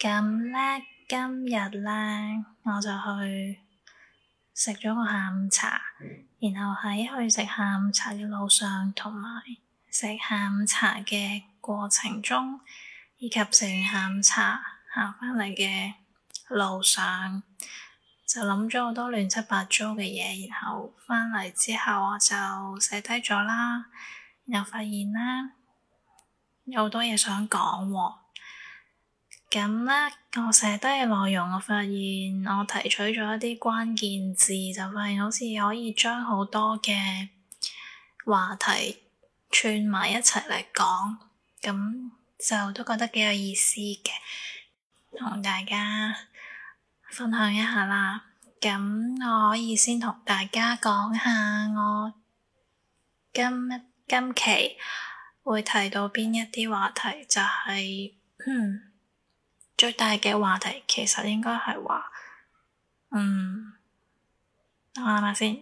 咁咧，今日咧，我就去食咗個下午茶，然後喺去食下午茶嘅路上，同埋食下午茶嘅過程中，以及食完下午茶行翻嚟嘅路上，就諗咗好多亂七八糟嘅嘢，然後翻嚟之後我就寫低咗啦，又發現啦，有好多嘢想講喎。咁咧，我寫低嘅內容，我發現我提取咗一啲關鍵字，就發現好似可以將好多嘅話題串埋一齊嚟講，咁就都覺得幾有意思嘅，同大家分享一下啦。咁我可以先同大家講下我今今期會提到邊一啲話題，就係……嗯最大嘅話題其實應該係話，嗯，我諗下先。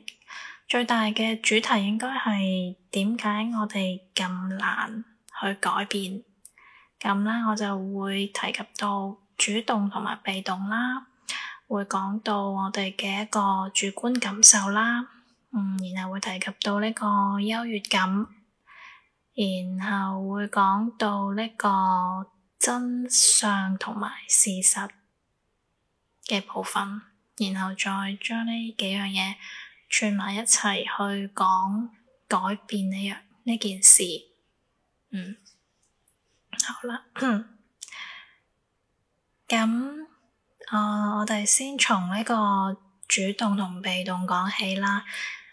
最大嘅主題應該係點解我哋咁難去改變？咁咧，我就會提及到主動同埋被動啦，會講到我哋嘅一個主觀感受啦，嗯，然後會提及到呢個優越感，然後會講到呢個。真相同埋事實嘅部分，然後再將呢幾樣嘢串埋一齊去講改變呢樣呢件事。嗯，好啦，咁啊，嗯嗯，我哋先從呢個主動同被動講起啦。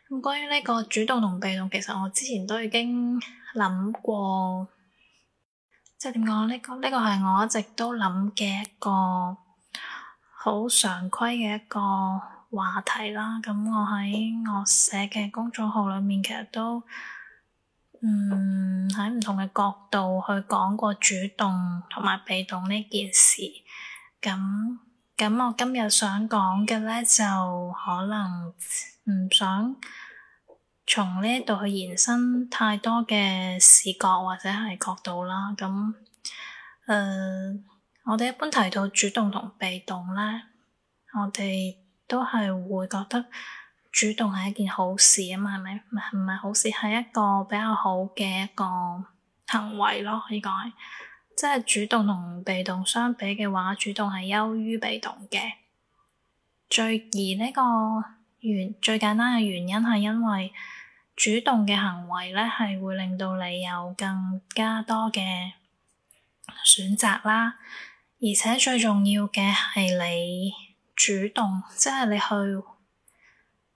咁關於呢個主動同被動，其實我之前都已經諗過。即係點講呢個，呢個係我一直都諗嘅一個好常規嘅一個話題啦。咁我喺我寫嘅公眾號裏面，其實都嗯，喺唔同嘅角度去講過主動同埋被動呢件事。咁，咁我今日想講嘅呢，就可能唔想。從呢一度去延伸太多嘅視角或者係角度啦，咁誒、呃，我哋一般提到主動同被動咧，我哋都係會覺得主動係一件好事啊嘛，係咪？唔係好事，係一個比較好嘅一個行為咯，呢、這個係，即係主動同被動相比嘅話，主動係優於被動嘅。最而呢、這個原最簡單嘅原因係因為。主動嘅行為咧，係會令到你有更加多嘅選擇啦。而且最重要嘅係你主動，即係你去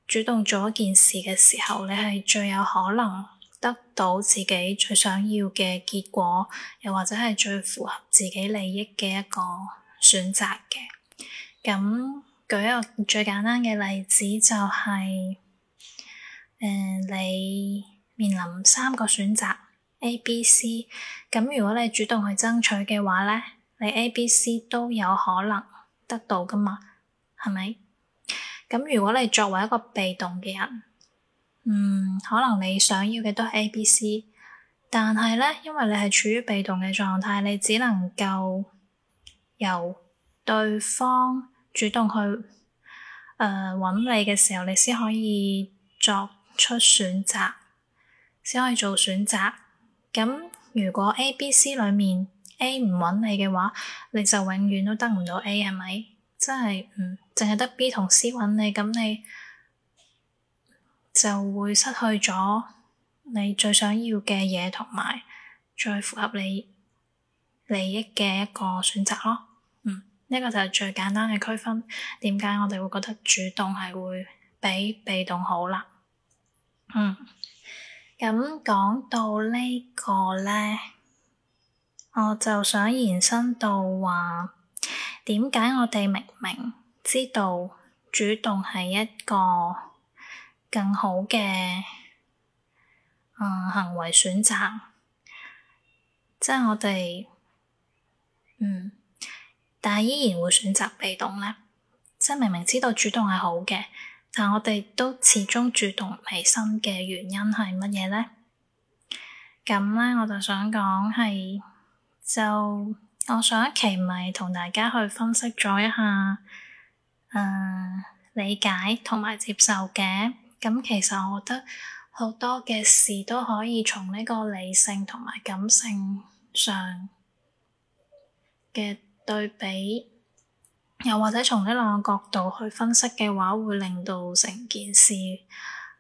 主動做一件事嘅時候，你係最有可能得到自己最想要嘅結果，又或者係最符合自己利益嘅一個選擇嘅。咁舉一個最簡單嘅例子就係。誒，uh, 你面臨三個選擇 A、B、C，咁如果你主動去爭取嘅話咧，你 A、B、C 都有可能得到噶嘛，係咪？咁如果你作為一個被動嘅人，嗯，可能你想要嘅都係 A、B、C，但係咧，因為你係處於被動嘅狀態，你只能夠由對方主動去誒、呃、揾你嘅時候，你先可以作出選擇先可以做選擇。咁如果 A、B、C 裏面 A 唔揾你嘅話，你就永遠都得唔到 A，係咪？真係唔淨係得 B 同 C 揾你，咁你就會失去咗你最想要嘅嘢，同埋最符合你利益嘅一個選擇咯。嗯，呢個就係最簡單嘅區分。點解我哋會覺得主動係會比被動好啦？嗯，咁講到呢個咧，我就想延伸到話，點解我哋明明知道主動係一個更好嘅誒、嗯、行為選擇，即係我哋嗯，但係依然會選擇被動咧，即係明明知道主動係好嘅。但我哋都始終主動唔起身嘅原因係乜嘢咧？咁咧我就想講係就我上一期咪同大家去分析咗一下誒、呃、理解同埋接受嘅咁，其實我覺得好多嘅事都可以從呢個理性同埋感性上嘅對比。又或者從呢兩個角度去分析嘅話，會令到成件事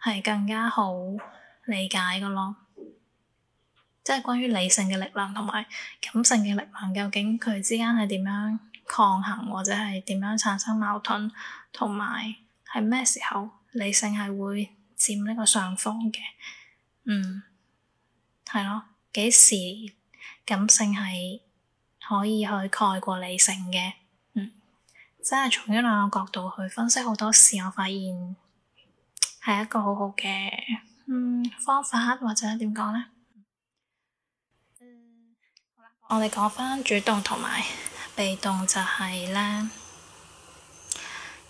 係更加好理解㗎咯。即係關於理性嘅力量同埋感性嘅力量，究竟佢之間係點樣抗衡，或者係點樣產生矛盾，同埋係咩時候理性係會佔呢個上風嘅？嗯，係咯，幾時感性係可以去蓋過理性嘅？真係從呢兩個角度去分析好多事，我發現係一個好好嘅，嗯，方法或者點講呢？嗯，好啦，我哋講翻主動同埋被動就係咧，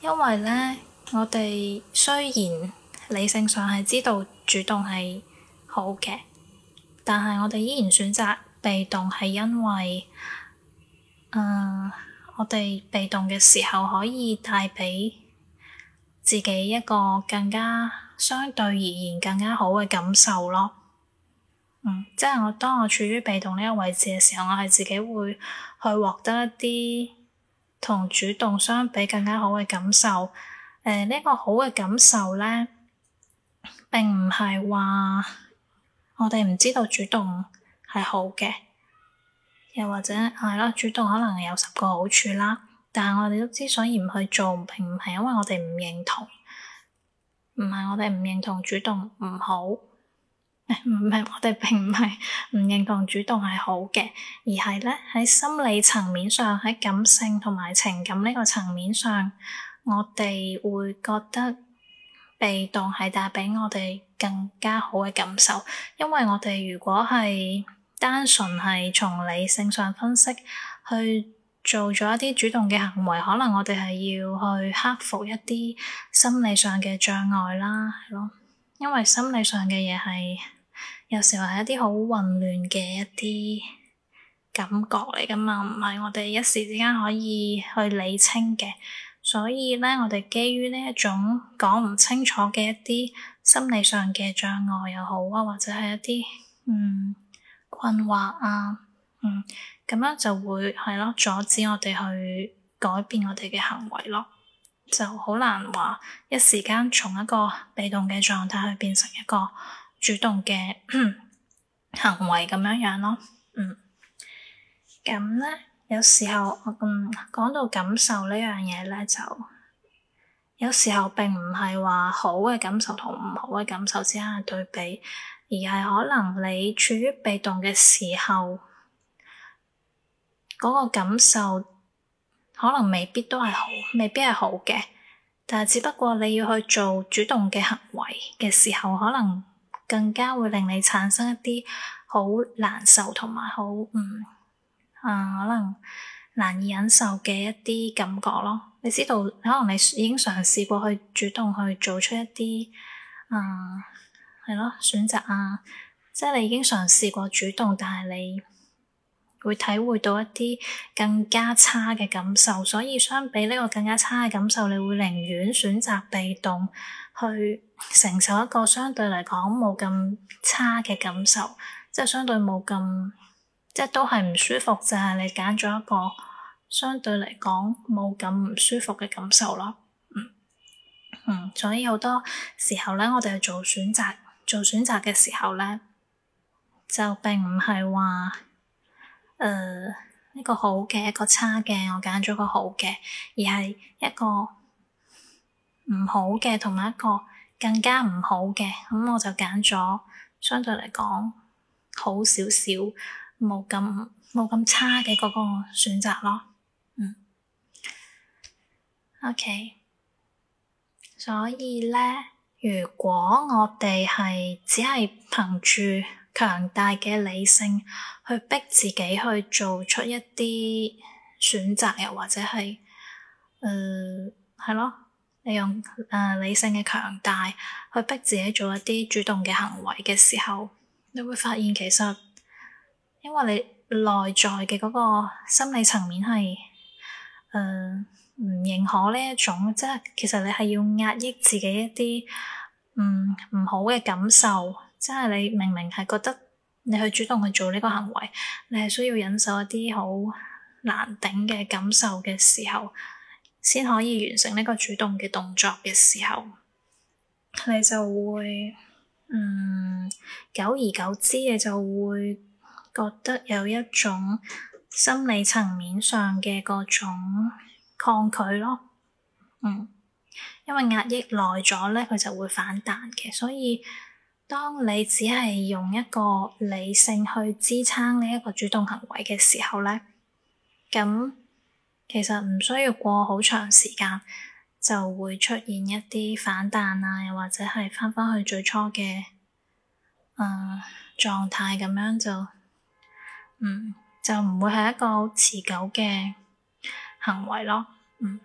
因為咧，我哋雖然理性上係知道主動係好嘅，但係我哋依然選擇被動係因為，誒、呃。我哋被動嘅時候，可以帶畀自己一個更加相對而言更加好嘅感受咯。嗯，即係我當我處於被動呢一個位置嘅時候，我係自己會去獲得一啲同主動相比更加好嘅感受，呃。誒，呢個好嘅感受咧，並唔係話我哋唔知道主動係好嘅。又或者係囉，主動可能有十個好處啦，但係我哋都之所以唔去做，並唔係因為我哋唔認同，唔係我哋唔認同主動唔好，唔係我哋並唔係唔認同主動係好嘅，而係咧喺心理層面上，喺感性同埋情感呢個層面上，我哋會覺得被動係帶畀我哋更加好嘅感受，因為我哋如果係。單純係從理性上分析去做咗一啲主動嘅行為，可能我哋係要去克服一啲心理上嘅障礙啦，係咯。因為心理上嘅嘢係有時候係一啲好混亂嘅一啲感覺嚟㗎嘛，唔係我哋一時之間可以去理清嘅。所以咧，我哋基於呢一種講唔清楚嘅一啲心理上嘅障礙又好啊，或者係一啲嗯，困惑啊，嗯，咁樣就會係咯，阻止我哋去改變我哋嘅行為咯，就好難話一時間從一個被動嘅狀態去變成一個主動嘅行為咁樣樣咯，嗯，咁咧有時候，嗯，講到感受呢樣嘢咧，就有時候並唔係話好嘅感受同唔好嘅感受之間嘅對比。而係可能你處於被動嘅時候，嗰個感受可能未必都係好，未必係好嘅。但係，只不過你要去做主動嘅行為嘅時候，可能更加會令你產生一啲好難受同埋好嗯啊、呃，可能難以忍受嘅一啲感覺咯。你知道，可能你已經嘗試過去主動去做出一啲嗯。係咯，選擇啊，即係你已經嘗試過主動，但係你會體會到一啲更加差嘅感受，所以相比呢個更加差嘅感受，你會寧願選擇被動去承受一個相對嚟講冇咁差嘅感受，即係相對冇咁即係都係唔舒服，就係你揀咗一個相對嚟講冇咁唔舒服嘅感受咯。嗯嗯，所以好多時候咧，我哋去做選擇。做選擇嘅時候咧，就並唔係話，誒、呃、呢個好嘅，一個差嘅，我揀咗個好嘅，而係一個唔好嘅同埋一個更加唔好嘅，咁、嗯、我就揀咗相對嚟講好少少，冇咁冇咁差嘅嗰個選擇咯。嗯，OK，所以咧。如果我哋係只係憑住強大嘅理性去逼自己去做出一啲選擇，又或者係，誒、呃，係咯，你用誒、呃、理性嘅強大去逼自己做一啲主動嘅行為嘅時候，你會發現其實，因為你內在嘅嗰個心理層面係，誒、呃。唔認可呢一種，即係其實你係要壓抑自己一啲唔唔好嘅感受，即係你明明係覺得你去主動去做呢個行為，你係需要忍受一啲好難頂嘅感受嘅時候，先可以完成呢個主動嘅動作嘅時候，你就會，嗯，久而久之，你就會覺得有一種心理層面上嘅嗰種。抗拒咯，嗯，因為壓抑耐咗咧，佢就會反彈嘅。所以，當你只係用一個理性去支撐呢一個主動行為嘅時候咧，咁其實唔需要過好長時間就會出現一啲反彈啊，又或者係翻返去最初嘅誒狀態咁樣就，嗯，就唔會係一個持久嘅。行為咯為，嗯，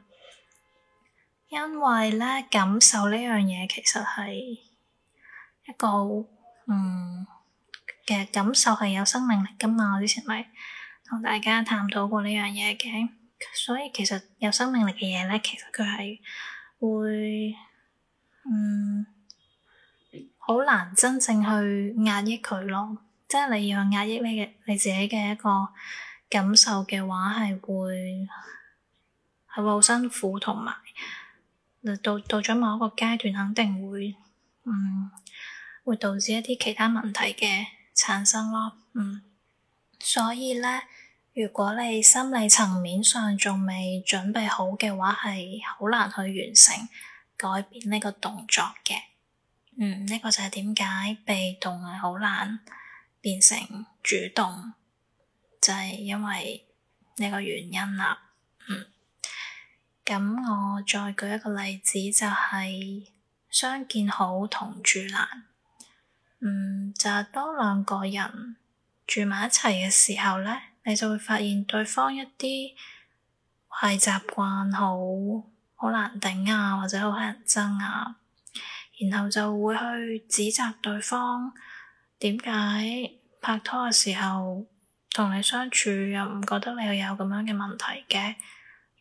因為咧感受呢樣嘢其實係一個嗯嘅感受係有生命力噶嘛。我之前咪同大家探討過呢樣嘢嘅，所以其實有生命力嘅嘢咧，其實佢係會嗯好難真正去壓抑佢咯。即係你要去壓抑你嘅你自己嘅一個感受嘅話，係會。係會好辛苦，同埋到到咗某一個階段，肯定會嗯會導致一啲其他問題嘅產生咯。嗯，所以咧，如果你心理層面上仲未準備好嘅話，係好難去完成改變呢個動作嘅。嗯，呢個就係點解被動係好難變成主動，就係因為呢個原因啦。嗯。咁我再舉一個例子，就係相見好同住難。嗯，就係當兩個人住埋一齊嘅時候咧，你就會發現對方一啲壞習慣，好好難頂啊，或者好乞人憎啊，然後就會去指責對方點解拍拖嘅時候同你相處又唔覺得你有咁樣嘅問題嘅。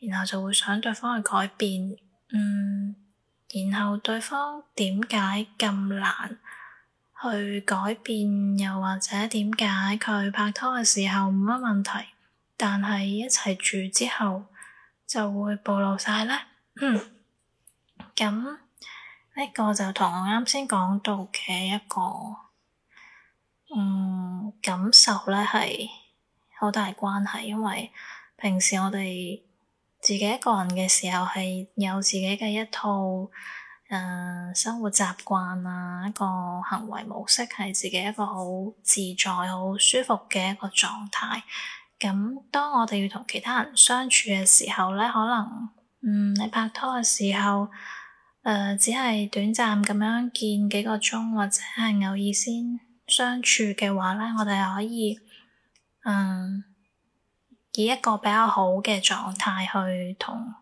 然後就會想對方去改變，嗯，然後對方點解咁難去改變？又或者點解佢拍拖嘅時候冇乜問題，但係一齊住之後就會暴露晒咧？嗯，咁呢個就同我啱先講到嘅一個嗯感受咧，係好大關係，因為平時我哋，自己一個人嘅時候係有自己嘅一套誒、呃、生活習慣啊，一個行為模式係自己一個好自在、好舒服嘅一個狀態。咁當我哋要同其他人相處嘅時候咧，可能嗯你拍拖嘅時候誒、呃、只係短暫咁樣見幾個鐘，或者係偶爾先相處嘅話咧，我哋可以嗯。以一個比較好嘅狀態去同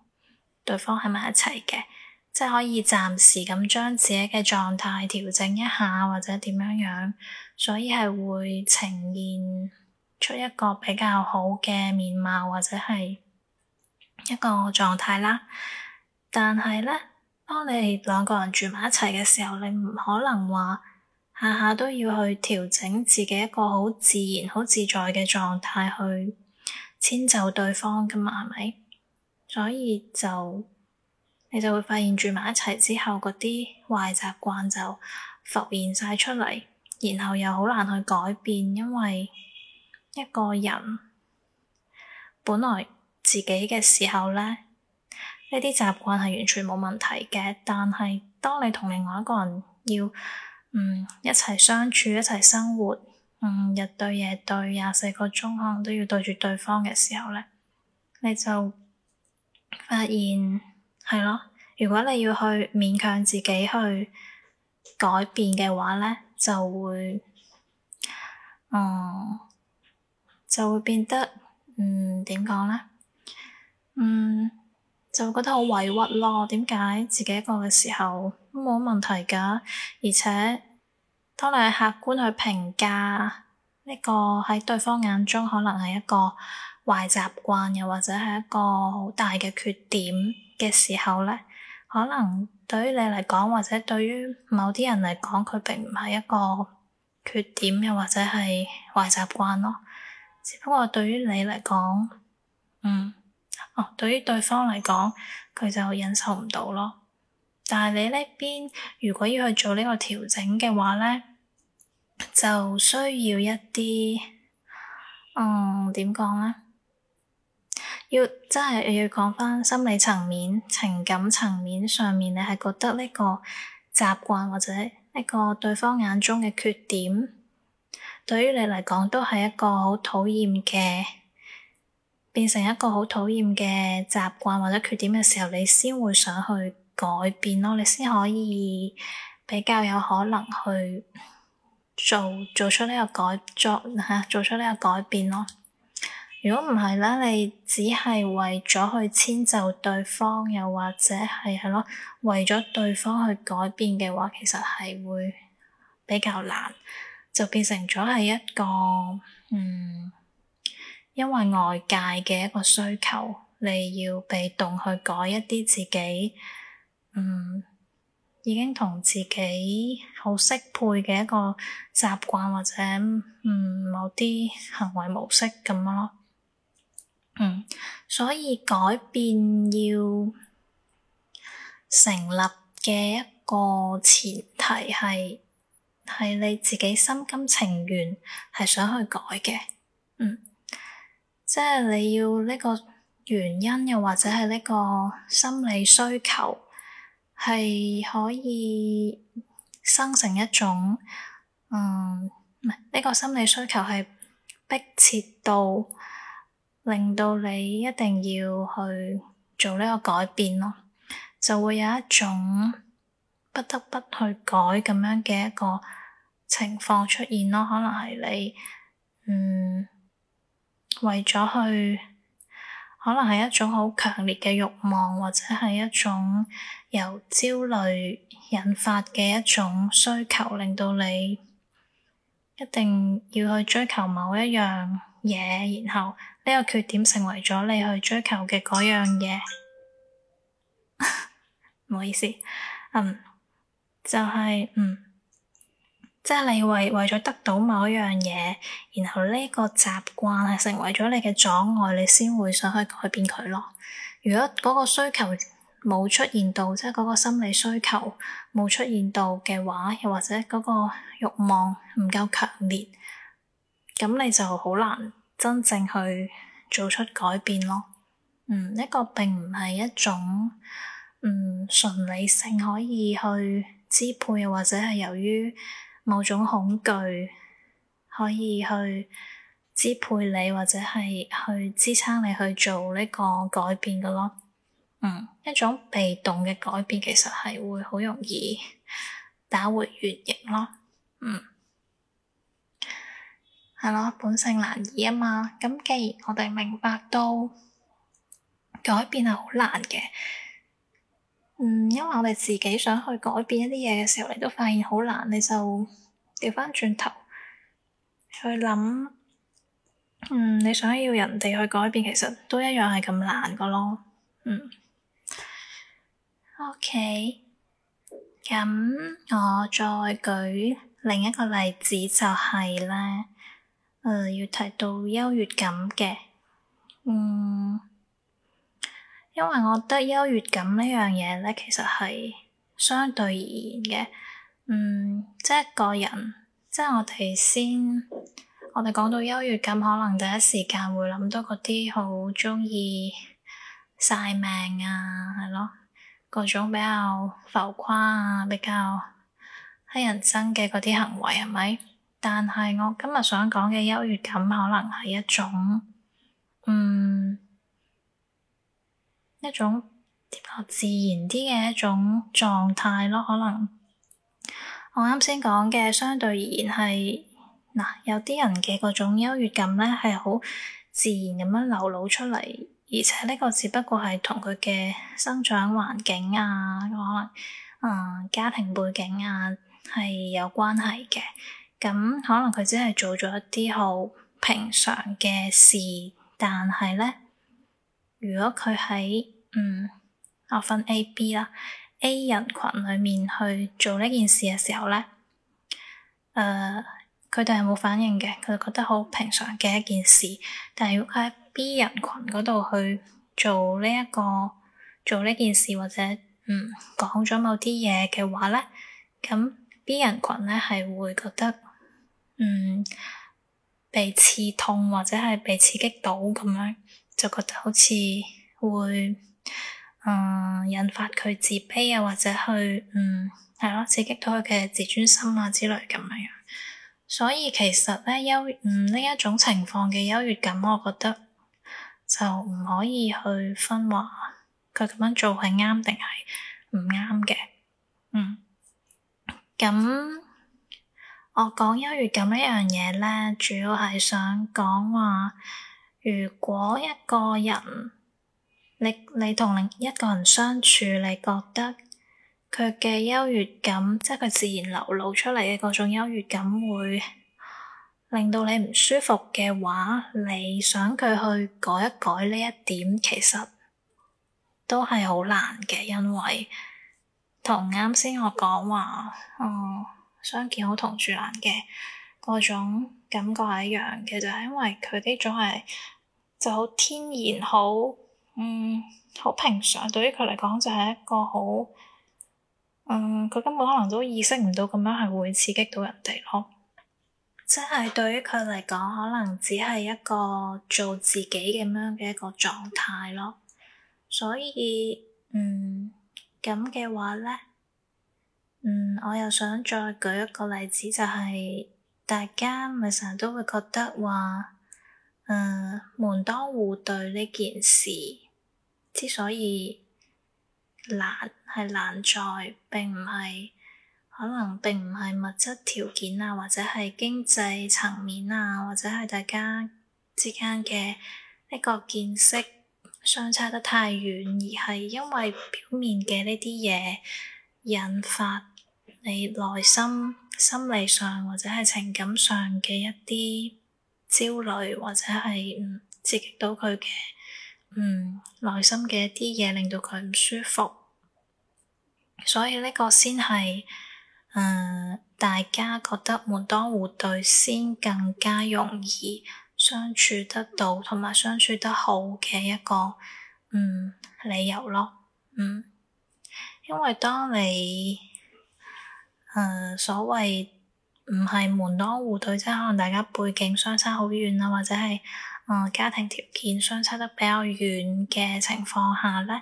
對方喺埋一齊嘅，即係可以暫時咁將自己嘅狀態調整一下，或者點樣樣，所以係會呈現出一個比較好嘅面貌或者係一個狀態啦。但係呢，當你兩個人住埋一齊嘅時候，你唔可能話下下都要去調整自己一個好自然、好自在嘅狀態去。遷就對方㗎嘛，係咪？所以就你就會發現住埋一齊之後，嗰啲壞習慣就浮現晒出嚟，然後又好難去改變，因為一個人本來自己嘅時候咧，呢啲習慣係完全冇問題嘅，但係當你同另外一個人要嗯一齊相處，一齊生活。嗯，日對夜對廿四個鐘，可能都要對住對方嘅時候咧，你就發現係咯。如果你要去勉強自己去改變嘅話咧，就會，嗯，就會變得，嗯，點講咧，嗯，就會覺得好委屈咯。點解自己一個嘅時候都冇問題㗎，而且。當你客觀去評價呢個喺對方眼中可能係一個壞習慣，又或者係一個好大嘅缺點嘅時候咧，可能對於你嚟講，或者對於某啲人嚟講，佢並唔係一個缺點，又或者係壞習慣咯。只不過對於你嚟講，嗯，哦，對於對方嚟講，佢就忍受唔到咯。但係你呢邊如果要去做呢個調整嘅話咧，就需要一啲，嗯，點講咧？要真係要講翻心理層面、情感層面上面，你係覺得呢個習慣或者呢個對方眼中嘅缺點，對於你嚟講都係一個好討厭嘅，變成一個好討厭嘅習慣或者缺點嘅時候，你先會想去改變咯，你先可以比較有可能去。做做出呢個改作吓，做出呢個，個改變咯。如果唔係咧，你只係為咗去遷就對方，又或者係係咯，為咗對方去改變嘅話，其實係會比較難，就變成咗係一個嗯，因為外界嘅一個需求，你要被動去改一啲自己嗯。已經同自己好適配嘅一個習慣或者嗯某啲行為模式咁咯，嗯，所以改變要成立嘅一個前提係係你自己心甘情願係想去改嘅，嗯，即係你要呢個原因又或者係呢個心理需求，係可以生成一種，嗯，呢個心理需求係迫切到令到你一定要去做呢個改變咯，就會有一種不得不去改咁樣嘅一個情況出現咯。可能係你，嗯，為咗去，可能係一種好強烈嘅慾望，或者係一種。由焦慮引發嘅一種需求，令到你一定要去追求某一樣嘢，然後呢個缺點成為咗你去追求嘅嗰樣嘢。唔 好意思，嗯，就係，嗯，即係你為為咗得到某一樣嘢，然後呢個習慣係成為咗你嘅阻礙，你先會想去改變佢咯。如果嗰個需求，冇出現到，即係嗰個心理需求冇出現到嘅話，又或者嗰個慾望唔夠強烈，咁你就好難真正去做出改變咯。嗯，呢個並唔係一種嗯純理性可以去支配，又或者係由於某種恐懼可以去支配你，或者係去支撐你去做呢個改變嘅咯。嗯，一種被動嘅改變其實係會好容易打回原形咯。嗯，係咯，本性難移啊嘛。咁既然我哋明白到改變係好難嘅，嗯，因為我哋自己想去改變一啲嘢嘅時候，你都發現好難，你就掉返轉頭去諗，嗯，你想要人哋去改變，其實都一樣係咁難噶咯。嗯。O K，咁我再舉另一個例子，就是，就係咧，誒，要提到優越感嘅，嗯，因為我覺得優越感呢樣嘢咧，其實係相對而言嘅，嗯，即係個人，即係我哋先，我哋講到優越感，可能第一時間會諗到嗰啲好中意晒命啊，係咯。各種比較浮誇啊，比較乞人憎嘅嗰啲行為係咪？但係我今日想講嘅優越感，可能係一種，嗯，一種比較自然啲嘅一種狀態咯。可能我啱先講嘅相對而言係嗱，有啲人嘅嗰種優越感咧，係好自然咁樣流露出嚟。而且呢個只不過係同佢嘅生長環境啊，可能誒、嗯、家庭背景啊係有關係嘅。咁可能佢只係做咗一啲好平常嘅事，但係咧，如果佢喺嗯我分 A、B 啦 A 人群裡面去做呢件事嘅時候咧，誒佢哋係冇反應嘅，佢哋覺得好平常嘅一件事。但係如果佢喺 B 人群嗰度去做呢、這、一個做呢件事，或者嗯講咗某啲嘢嘅話咧，咁 B 人群咧係會覺得嗯被刺痛或者係被刺激到咁樣，就覺得好似會嗯引發佢自卑啊，或者去嗯係咯刺激到佢嘅自尊心啊之類咁樣樣，所以其實咧優嗯呢一種情況嘅優越感，我覺得。就唔可以去分話，佢咁樣做係啱定係唔啱嘅。嗯，咁我講優越感呢樣嘢咧，主要係想講話，如果一個人你你同另一個人相處，你覺得佢嘅優越感，即係佢自然流露出嚟嘅嗰種優越感會。令到你唔舒服嘅話，你想佢去改一改呢一點，其實都係好難嘅，因為同啱先我講話，嗯，相見好同住難嘅嗰種感覺係一樣嘅，就係、是、因為佢呢種係就好天然，好嗯，好平常，對於佢嚟講就係一個好，誒、嗯，佢根本可能都意識唔到咁樣係會刺激到人哋咯。即係對於佢嚟講，可能只係一個做自己咁樣嘅一個狀態咯。所以，嗯，咁嘅話咧，嗯，我又想再舉一個例子，就係、是、大家咪成日都會覺得話，嗯、呃，門當戶對呢件事之所以難係難在並唔係。可能並唔係物質條件啊，或者係經濟層面啊，或者係大家之間嘅一個見識相差得太遠，而係因為表面嘅呢啲嘢引發你內心心理上或者係情感上嘅一啲焦慮，或者係刺激到佢嘅嗯內心嘅一啲嘢，令到佢唔舒服，所以呢個先係。呃、大家覺得門當戶對先更加容易相處得到，同埋相處得好嘅一個、嗯、理由咯、嗯，因為當你、呃、所謂唔係門當戶對，即係可能大家背景相差好遠啊，或者係、呃、家庭條件相差得比較遠嘅情況下呢、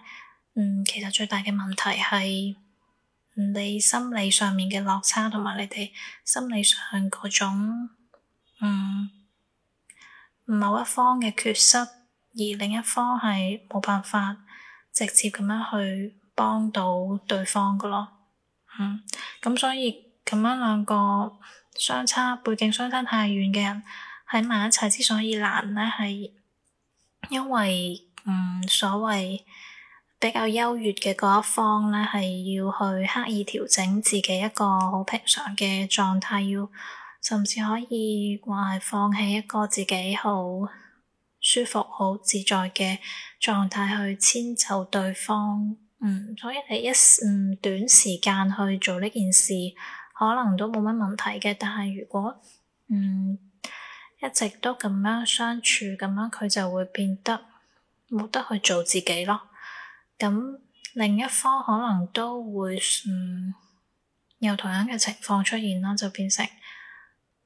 嗯、其實最大嘅問題係。你心理上面嘅落差，同埋你哋心理上嗰種，嗯，某一方嘅缺失，而另一方係冇辦法直接咁樣去幫到對方噶咯，嗯，咁所以咁樣兩個相差背景相差太遠嘅人喺埋一齊，之所以難咧，係因為，嗯，所謂。比較優越嘅嗰一方咧，係要去刻意調整自己一個好平常嘅狀態，要甚至可以話係放棄一個自己好舒服、好自在嘅狀態去遷就對方。嗯，所以你一嗯短時間去做呢件事，可能都冇乜問題嘅。但係如果嗯一直都咁樣相處，咁樣佢就會變得冇得去做自己咯。咁另一方可能都會，嗯，有同樣嘅情況出現啦，就變成，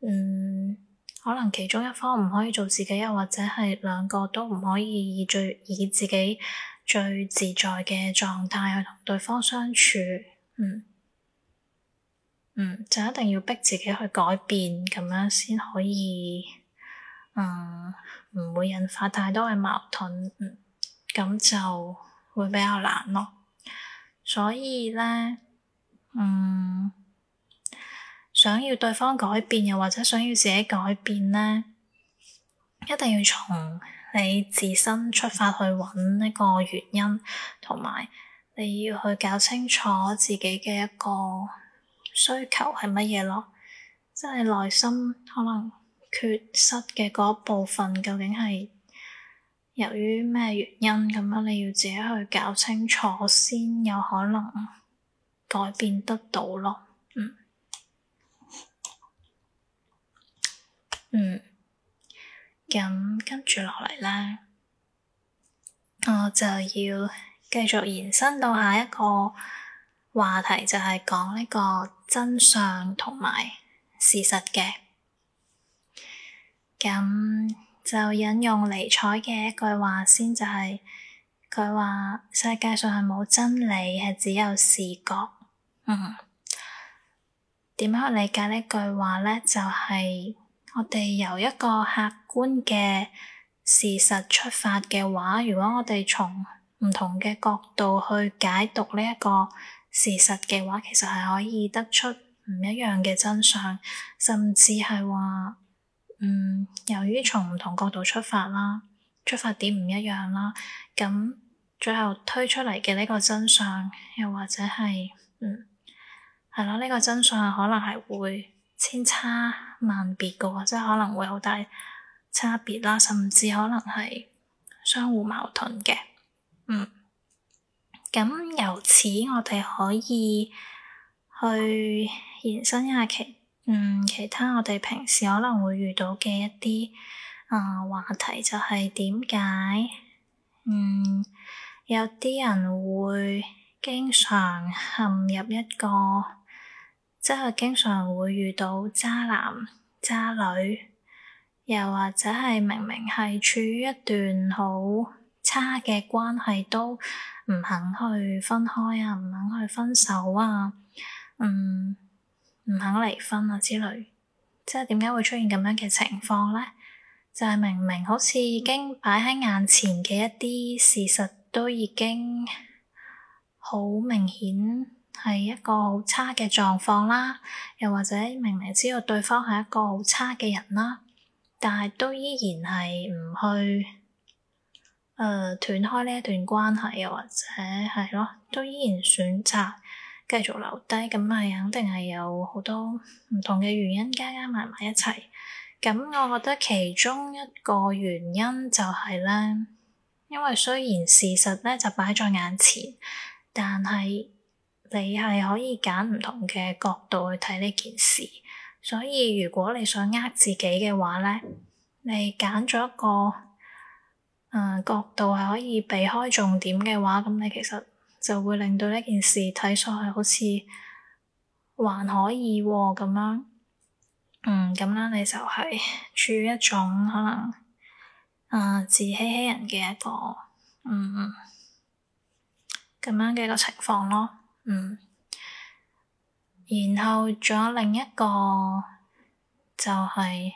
嗯，可能其中一方唔可以做自己，又或者係兩個都唔可以以最以自己最自在嘅狀態去同對方相處，嗯，嗯，就一定要逼自己去改變，咁樣先可以，嗯，唔會引發太多嘅矛盾，嗯，咁就，會比較難咯，所以咧，嗯，想要對方改變，又或者想要自己改變咧，一定要從你自身出發去揾一個原因，同埋你要去搞清楚自己嘅一個需求係乜嘢咯，即係內心可能缺失嘅嗰一部分究竟係。由於咩原因咁樣，你要自己去搞清楚先，有可能改變得到咯。嗯，嗯，咁跟住落嚟咧，我就要繼續延伸到下一個話題，就係講呢個真相同埋事實嘅，咁。就引用尼采嘅一句話先，就是，就係佢話世界上係冇真理，係只有視角。嗯，點樣理解呢句話咧？就係、是、我哋由一個客觀嘅事實出發嘅話，如果我哋從唔同嘅角度去解讀呢一個事實嘅話，其實係可以得出唔一樣嘅真相，甚至係話。嗯，由於從唔同角度出發啦，出發點唔一樣啦，咁最後推出嚟嘅呢個真相，又或者係，嗯，係咯，呢個真相可能係會千差萬別噶，即係可能會有好大差別啦，甚至可能係相互矛盾嘅。嗯，咁由此我哋可以去延伸一下其。嗯，其他我哋平時可能會遇到嘅一啲啊、呃、話題就係點解？嗯，有啲人會經常陷入一個，即係經常會遇到渣男渣女，又或者係明明係處於一段好差嘅關係，都唔肯去分開啊，唔肯去分手啊，嗯。唔肯離婚啊之類，即係點解會出現咁樣嘅情況咧？就係、是、明明好似已經擺喺眼前嘅一啲事實都已經好明顯係一個好差嘅狀況啦，又或者明明知道對方係一個好差嘅人啦，但係都依然係唔去誒、呃、斷開呢一段關係，又或者係咯，都依然選擇。繼續留低，咁係肯定係有好多唔同嘅原因加加埋埋一齊。咁我覺得其中一個原因就係咧，因為雖然事實咧就擺在眼前，但係你係可以揀唔同嘅角度去睇呢件事。所以如果你想呃自己嘅話咧，你揀咗一個誒、呃、角度係可以避開重點嘅話，咁你其實。就會令到呢件事睇上去好似還可以咁樣。嗯，咁樣你就係處於一種可能誒、呃、自欺欺人嘅一個嗯咁樣嘅一個情況咯。嗯，然後仲有另一個就係、是、誒、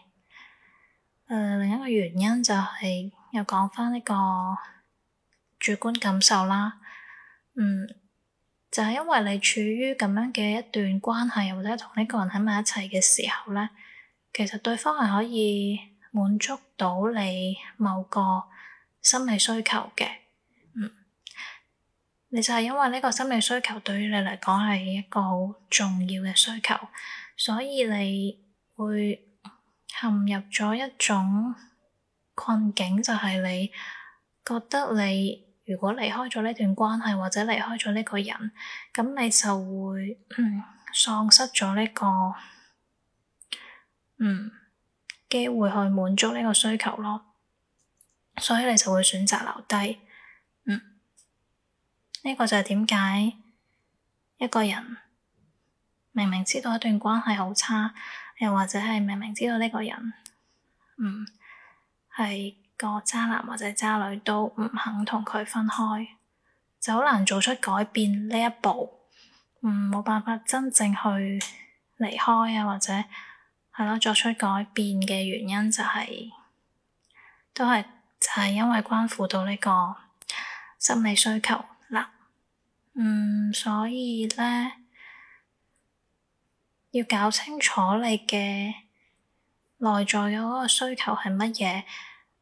呃、另一個原因，就係又講返呢個主觀感受啦。嗯，就係因為你處於咁樣嘅一段關係，或者同呢個人喺埋一齊嘅時候咧，其實對方係可以滿足到你某個心理需求嘅。嗯，你就係因為呢個心理需求對於你嚟講係一個好重要嘅需求，所以你會陷入咗一種困境，就係你覺得你。如果離開咗呢段關係，或者離開咗呢個人，咁你就會嗯喪失咗呢個嗯機會去滿足呢個需求咯，所以你就會選擇留低。嗯，呢個就係點解一個人明明知道一段關係好差，又或者係明明知道呢個人嗯係個渣男或者渣女都唔肯同佢分開，就好難做出改變呢一步。嗯，冇辦法真正去離開啊，或者係咯作出改變嘅原因，就係都，就係都係就係因為關乎到呢個心理需求嗱。嗯，所以咧要搞清楚你嘅內在嘅嗰個需求係乜嘢。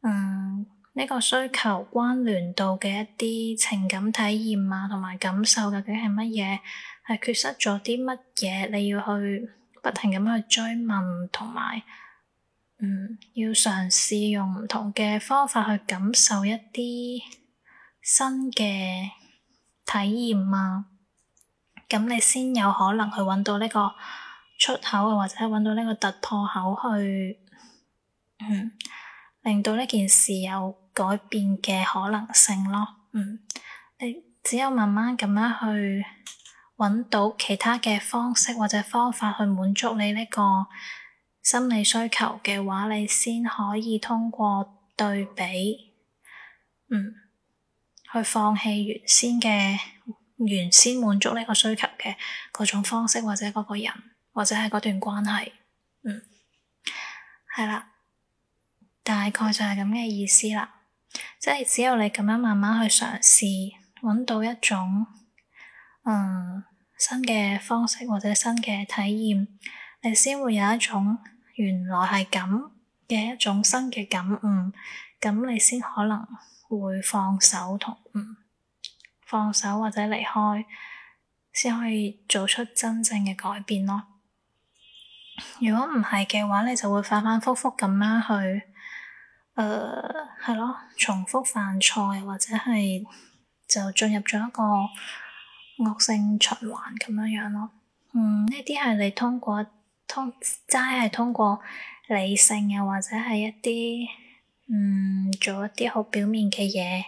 嗯，呢個需求關聯到嘅一啲情感體驗啊，同埋感受究竟係乜嘢？係缺失咗啲乜嘢？你要去不停咁去追問，同埋嗯，要嘗試用唔同嘅方法去感受一啲新嘅體驗啊。咁你先有可能去揾到呢個出口啊，或者揾到呢個突破口去，嗯。令到呢件事有改變嘅可能性咯，嗯，你只有慢慢噉樣去揾到其他嘅方式或者方法去滿足你呢個心理需求嘅話，你先可以通過對比，嗯，去放棄原先嘅原先滿足呢個需求嘅嗰種方式或者嗰個人或者係嗰段關係，嗯，係啦。大概就係咁嘅意思啦，即係只有你咁樣慢慢去嘗試，揾到一種嗯新嘅方式或者新嘅體驗，你先會有一種原來係咁嘅一種新嘅感悟，咁你先可能會放手同嗯放手或者離開，先可以做出真正嘅改變咯。如果唔係嘅話，你就會反反覆覆咁樣去。誒係咯，重複犯錯，或者係就進入咗一個惡性循環咁樣樣咯。嗯，呢啲係你通過通齋係通過理性啊，又或者係一啲嗯做一啲好表面嘅嘢，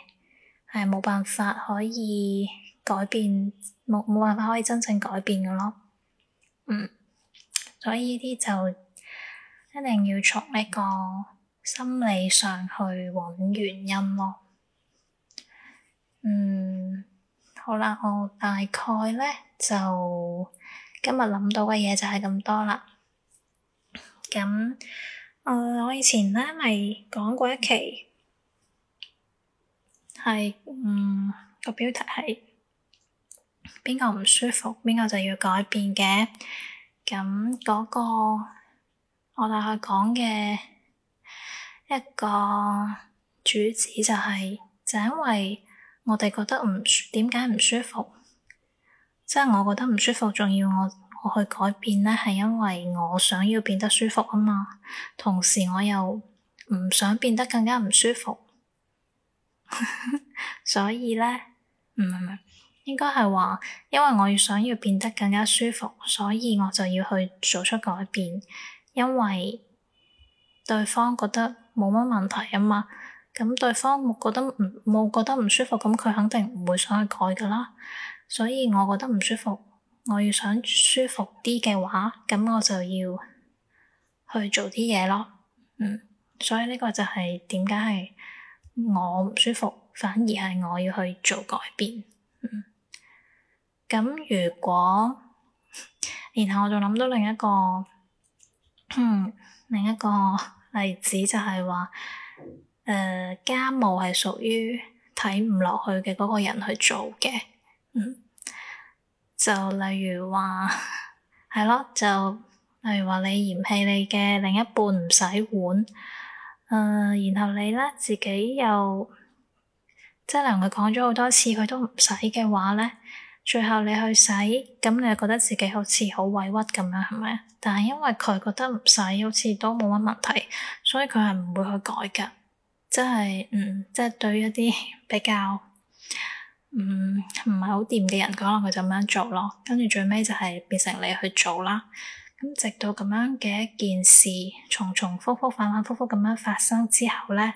係冇辦法可以改變，冇冇辦法可以真正改變嘅咯。嗯，所以呢啲就一定要從呢個。心理上去揾原因咯。嗯，好啦，我大概咧就今日諗到嘅嘢就係咁多啦。咁，誒、呃，我以前咧咪講過一期，係嗯個標題係「邊個唔舒服，邊個就要改變」嘅。咁嗰、那個我大概講嘅。一個主旨就係，就係因為我哋覺得唔點解唔舒服，即係我覺得唔舒服，仲要我我去改變咧，係因為我想要變得舒服啊嘛。同時我又唔想變得更加唔舒服， 所以咧，唔係唔係，應該係話，因為我要想要變得更加舒服，所以我就要去做出改變，因為對方覺得。冇乜問題啊嘛，咁對方冇覺得唔冇覺得唔舒服，咁佢肯定唔會想去改噶啦。所以我覺得唔舒服，我要想舒服啲嘅話，咁我就要去做啲嘢咯。嗯，所以呢個就係點解係我唔舒服，反而係我要去做改變。嗯，咁如果，然後我就諗到另一個，嗯，另一個。例子就係話，誒、呃、家務係屬於睇唔落去嘅嗰個人去做嘅，嗯，就例如話，係 咯，就例如話你嫌棄你嘅另一半唔洗碗，誒、呃，然後你咧自己又即係同佢講咗好多次，佢都唔洗嘅話咧。最後你去洗，咁你又覺得自己好似好委屈咁樣，係咪？但係因為佢覺得唔洗好似都冇乜問題，所以佢係唔會去改㗎。即係嗯，即係對一啲比較唔唔係好掂嘅人，可能佢就咁樣做咯。跟住最尾就係變成你去做啦。咁直到咁樣嘅一件事，重重複複反反覆覆咁樣發生之後咧，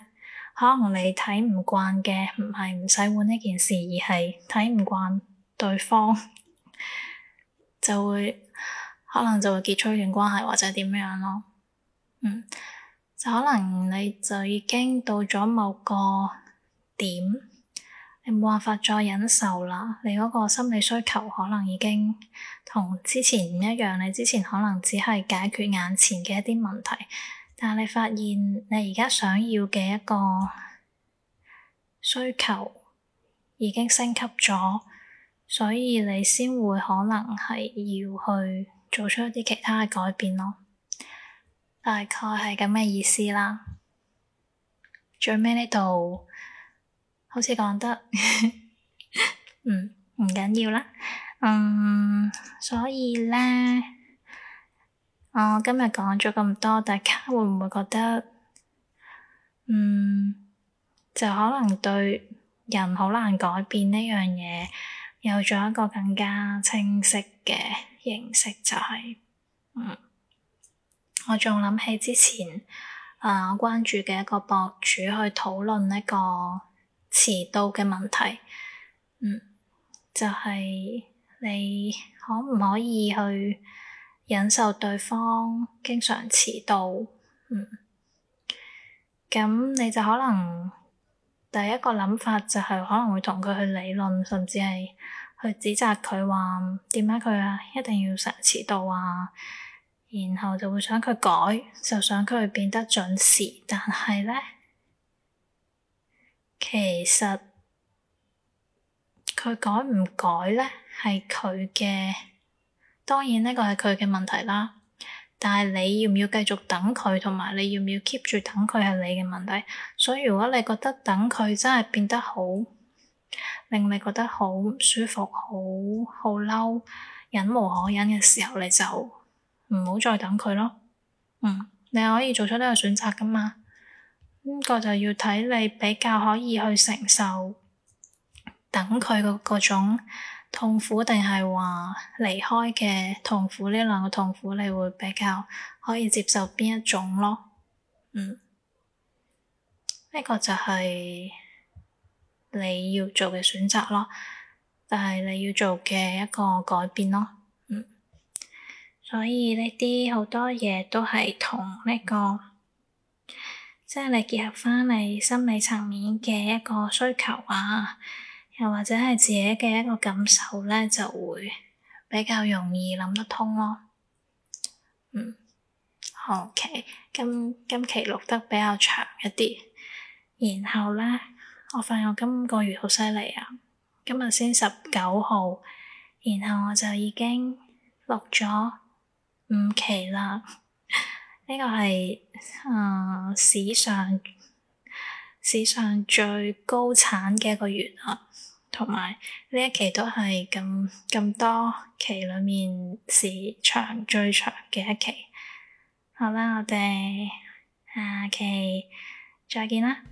可能你睇唔慣嘅唔係唔洗碗呢件事，而係睇唔慣對方 就會可能就會結束一段關係，或者點樣咯。嗯，就可能你就已經到咗某個點，你冇辦法再忍受啦。你嗰個心理需求可能已經同之前唔一樣。你之前可能只係解決眼前嘅一啲問題，但係你發現你而家想要嘅一個需求已經升級咗。所以你先會可能係要去做出一啲其他嘅改變咯，大概係咁嘅意思啦。最尾呢度好似講得， 嗯，唔緊要啦。嗯，所以咧，我今日講咗咁多，大家會唔會覺得，嗯，就可能對人好難改變呢樣嘢？有咗一個更加清晰嘅認識，就係、是、嗯，我仲諗起之前啊，我、呃、關注嘅一個博主去討論一個遲到嘅問題，嗯，就係、是、你可唔可以去忍受對方經常遲到？嗯，咁你就可能。第一個諗法就係可能會同佢去理論，甚至係去指責佢話點解佢一定要成日遲到啊，然後就會想佢改，就想佢變得準時。但係咧，其實佢改唔改咧，係佢嘅，當然呢個係佢嘅問題啦。但係你要唔要繼續等佢，同埋你要唔要 keep 住等佢係你嘅問題。所以如果你覺得等佢真係變得好令你覺得好唔舒服、好好嬲、忍無可忍嘅時候，你就唔好再等佢咯。嗯，你可以做出呢個選擇噶嘛？呢個就要睇你比較可以去承受等佢嘅嗰種痛苦定係話離開嘅痛苦，呢兩個痛苦，你會比較可以接受邊一種咯？嗯，呢個就係你要做嘅選擇咯，但係你要做嘅一個改變咯。嗯，所以呢啲好多嘢都係同呢個，即係你結合翻你心理層面嘅一個需求啊。又或者係自己嘅一個感受咧，就會比較容易諗得通咯。嗯，好、OK，期今今期錄得比較長一啲，然後咧，我發現我今個月好犀利啊！今日先十九號，然後我就已經錄咗五期啦。呢、呢個係誒、嗯、史上史上最高產嘅一個月啊！同埋呢一期都係咁咁多期裏面時長最長嘅一期，好啦，我哋下期再見啦～